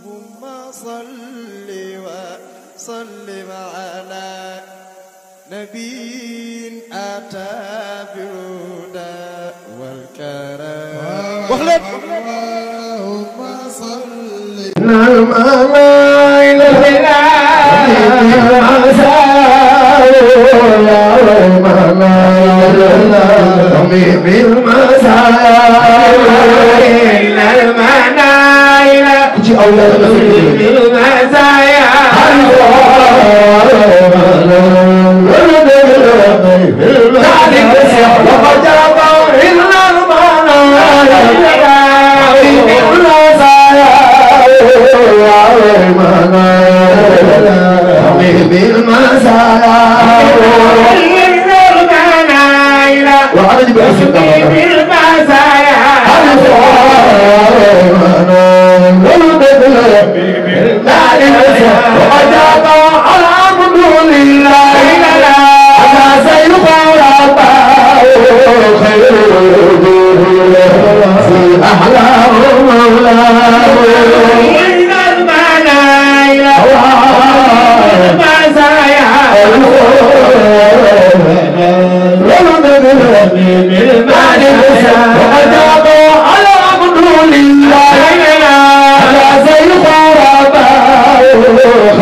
اللهم صل وسلم على نبي أتى بالهدى والكرم اللهم صل نعم لا إله إلا يوم لا وعلى جبل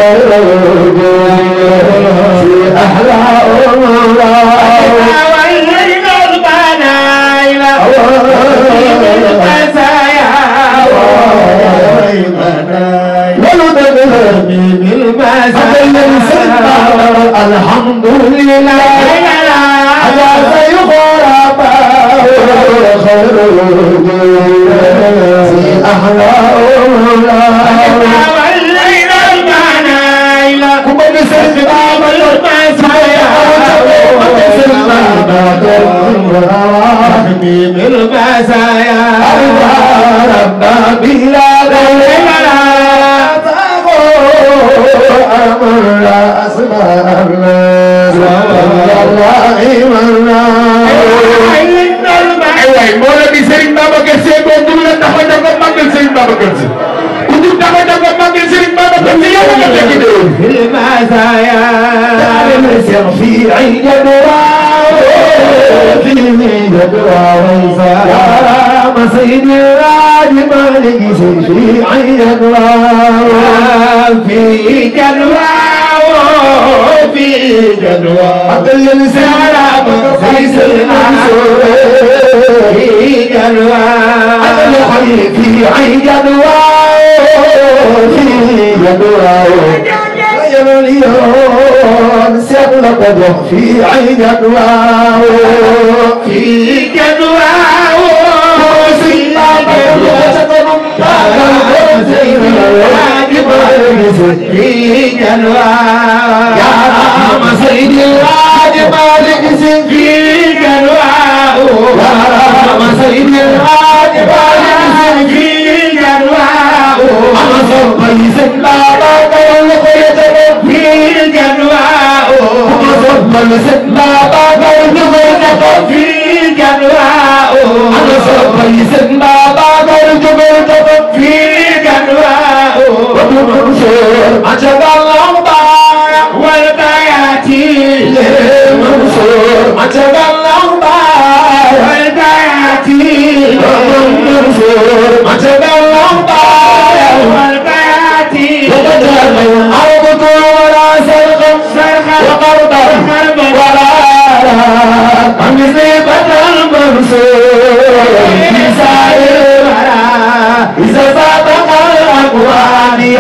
في أحلى أمور الحمد لله على سيخ رباه خير في أحلى أولاد ترميم المسايا ربنا بلا دين أمر أسماء الله صلى الله عليه وسلم waaye moo la di Serigne Babacar Sy boo dugg la taxaw da nga màggal Serigne Babacar Sy ku dugg taxaw da nga màggal Serigne Babacar Sy yow nga tekki dee. فيني يدرى ويسا يا مسيد الراج مالك شفيعي يدرى في جدوى في جدوى أدل السلام في سلام في جدوى أدل حي في عي جدوى في جدوى اليوم سر لقد في عين أدواه في جدواه في جلواه يا رام سيد الراج مالك في جلواه يا رام سيد الراج مالك في جلواه أنا صبي سيد بابا Mama said, Baba, I'm going to go to the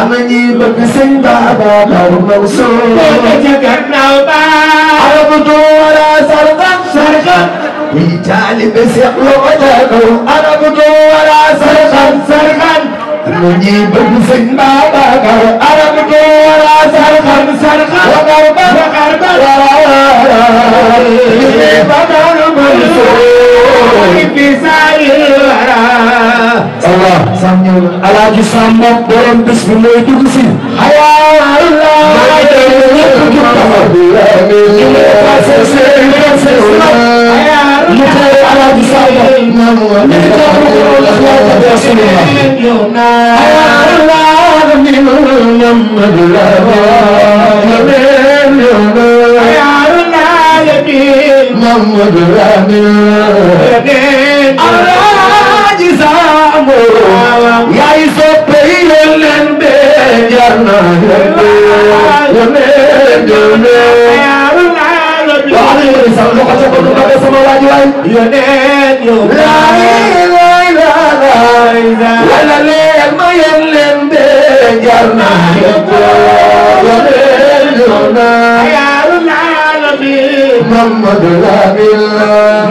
ana ñi bëgg sëñ Babacar Mansour bëgg ca gannaaw ba arabutu wala sarxan sarxan yi taalibe Seex Loxo Kaw arabutu wala sarxan sarxan ana ñi bëgg sëñ Babacar arabutu wala sarxan sarxan wakar ba wakar ba wara alaaji Samb borom bés bi mooy dugg si. alaaji Samb yoneen yow laay laay laay wala leen ma yem leen de jar naa yëpp yoneen yow naa yaarul alamin Mamadu Lamin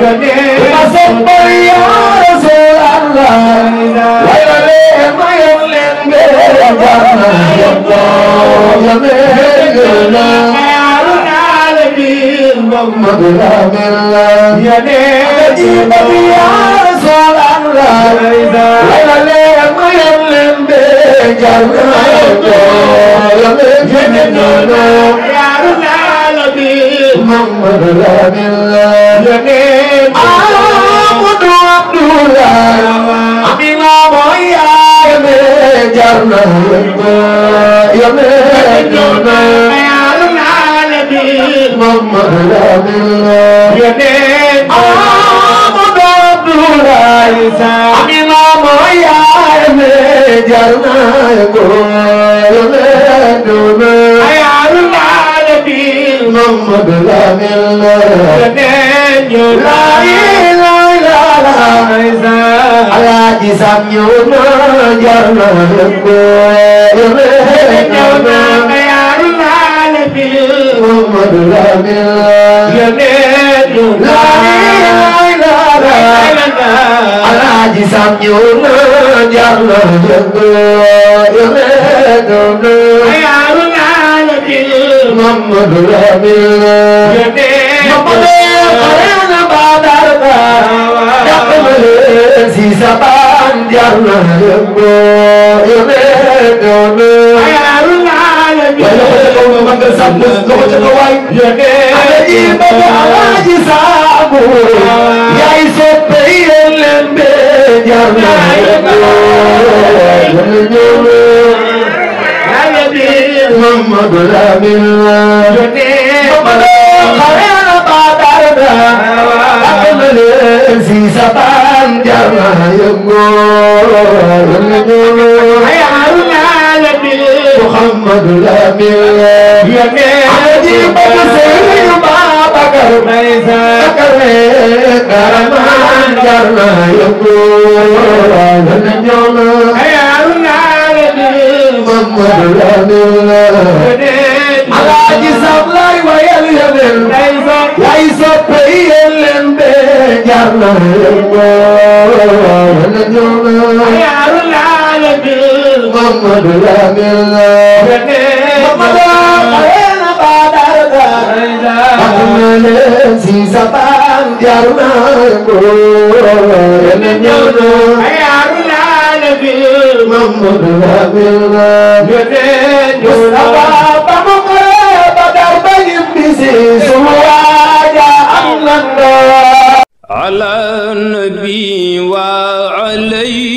yoneen ma soppal yaa Rasul Allah wala leen ma yem leen de jar naa yëpp yoneen yow naa محمد رحم الله يا نبي يا رسول الله لا لا ما يلم بجرم يا رسول محمد رحم الله يا نبي عبد عبد الله أمينا ويا يا جرم يا نبي محمد الله يدين محمد عبد الله أمينا مايا جرنا يقول يدون يا العالمين محمد الله يدين لا إله إلا الله Alaji samyuna jarna yaqul يدين مظلم يمين لا إله إلا على جسم يوم جل جل يمين يا العالمين محمد رميل محمد قرن بادرنا يقبل سيسبان جل جل يمين waaye loxo ca kaw nga màggal sàmbu loxo ca kaw waay. ana ji bëgg alaaji sàmbu. yaay soppe yéen leen bee jar na. Mamadou Lamine محمد الأمين si saban yaaru naa góor yeneen ñëw na yaaru naa la bi Mamadou Lamine la yeneen ñëw na ba mu ko ba daw ba ñibbi si suma waaja am na ala nabi wa alayhi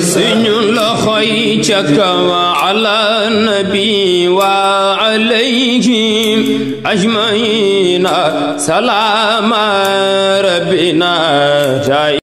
سنن لا خيتك النبي وعليهم اجمعين سلام ربنا جاي